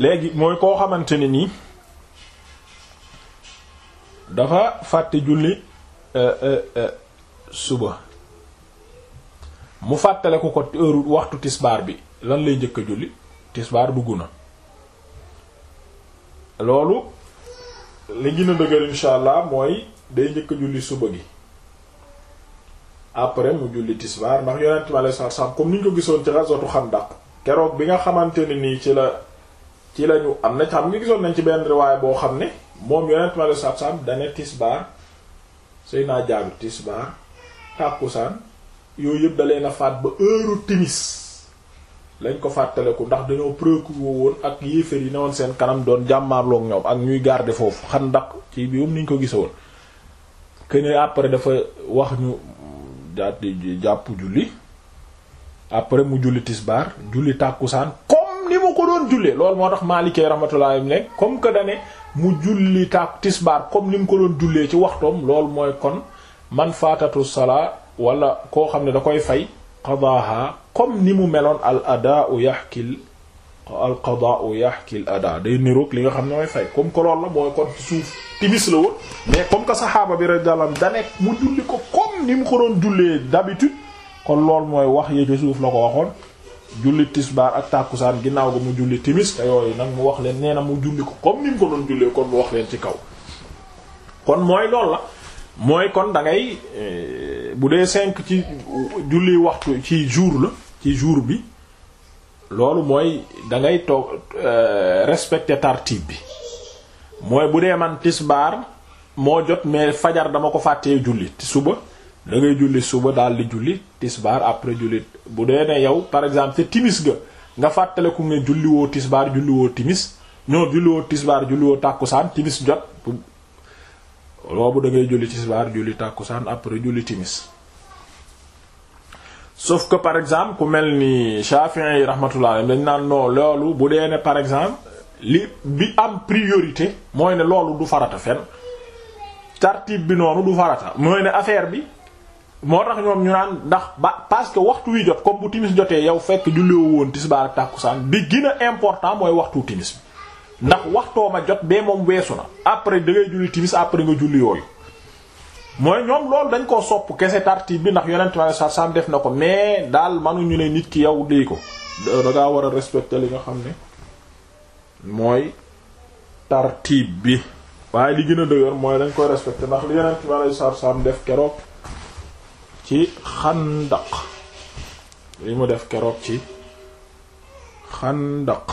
léegi mooy koo xamante ne nii dafa fàtte julli euh, euh, euh, suba mu fàttale ku ko heure waxtu tisbaar bi lan lay njëkk a julli tisbaar dugg na loolu li gën a dëgër insha allah mooy day njëkk a julli suba gi après mu julli tisbaar ndax yonent bi sallallahu alayhi wasallam comme ni ñu ko gisoon ci ghazwatu Xandaq keroog bi nga xamante nii ci la ci lañu am na xam nga gisoon nañ ci benn riwaay boo xam ne moom yonent ma la sab-sab dane tisbaar sëy naa jaagu tisbaar tàkkusaan yooyu yëpp dalee na faat ba heure timis lañ ko fàttaleku ndax dañoo préoccupé woon ak yéefér yi ne woon seen kanam doon jàmmaarloog ñoom ak ñuy garder foofu xandak ci biirum niñ ko gisoon kene après dafa wax ñu jàpp julli après mu julli tisbaar julli tàkkusaan jullee loolu moo tax maalikee rahmatullahi ne comme que dane mu julli taak tisbaar comme ni mu ko doon jullee ci waxtoom loolu mooy kon man faatatu salaa wala koo xam ne da koy fay qadaaha comme mu meloon al adaau yaxkil al qadaau yaxkil ada day niroog li nga xam ne mooy fay comme que loolu la suuf timis la woon mais comme que saxaaba bi rek anhu da ne mu julli ko comme ni mu ko doon jullee d'habitude kon loolu mooy wax yee ci suuf la ko waxoon julli tisbaar ak tàkkusaan ginnaaw ga mu julli timis te yooyu nag mu wax leen neena mu julli ko comme ni mu ko doon jullee kon mu wax leen ci kaw kon mooy lool la mooy kon da ngay eh, bu dee cinq ci julli waxtu ci jour la ci jour bi loolu mooy da ngay toog eh, respecter tartib bi mooy bu dee man tisbaar moo jot mais fajar dama ko fàttee julli suba da ngay julli suba daal di julli tisbaar après julli bu dee ne yow par exemple ca timis ga nga fàttaleku nga julliwoo tisbaar julliwoo timis ñoo julliwoo tisbaar julliwoo tàkkusaan timis jot bu da ngay julli tisbaar julli tàkkusaan après julli timis sauf que par exemple ku mel ni Shafi'i yi rahmatullah dañ naan non loolu bu dee ne par exemple li bi am priorité mooy ne loolu du farata fenn tartib bi noonu du farata mooy ne affaire bi moo tax ñoom ñu naan ndax ba parce que waxtu wi jot comme bu timis jotee yow fekk julliwoo woon tisbaar ak tàkkusaan bi gën a important mooy waxtu timis ndax waxtoo ma jot bee moom weesu na après da ngay julli timis après nga julli yooyu mooy ñoom loolu dañ koo sopp kese tartib bi ndax yonent ma sar sam def na ko mais daal mënuñu ne nit ki yow dee ko da ngaa war a respecter li nga xam ne mooy tartib bi waaye li gën a dëgër mooy dañ koy respecter ndax li yonent ma sar sam def keroog ci xandaq li mu def keroog ci xandaq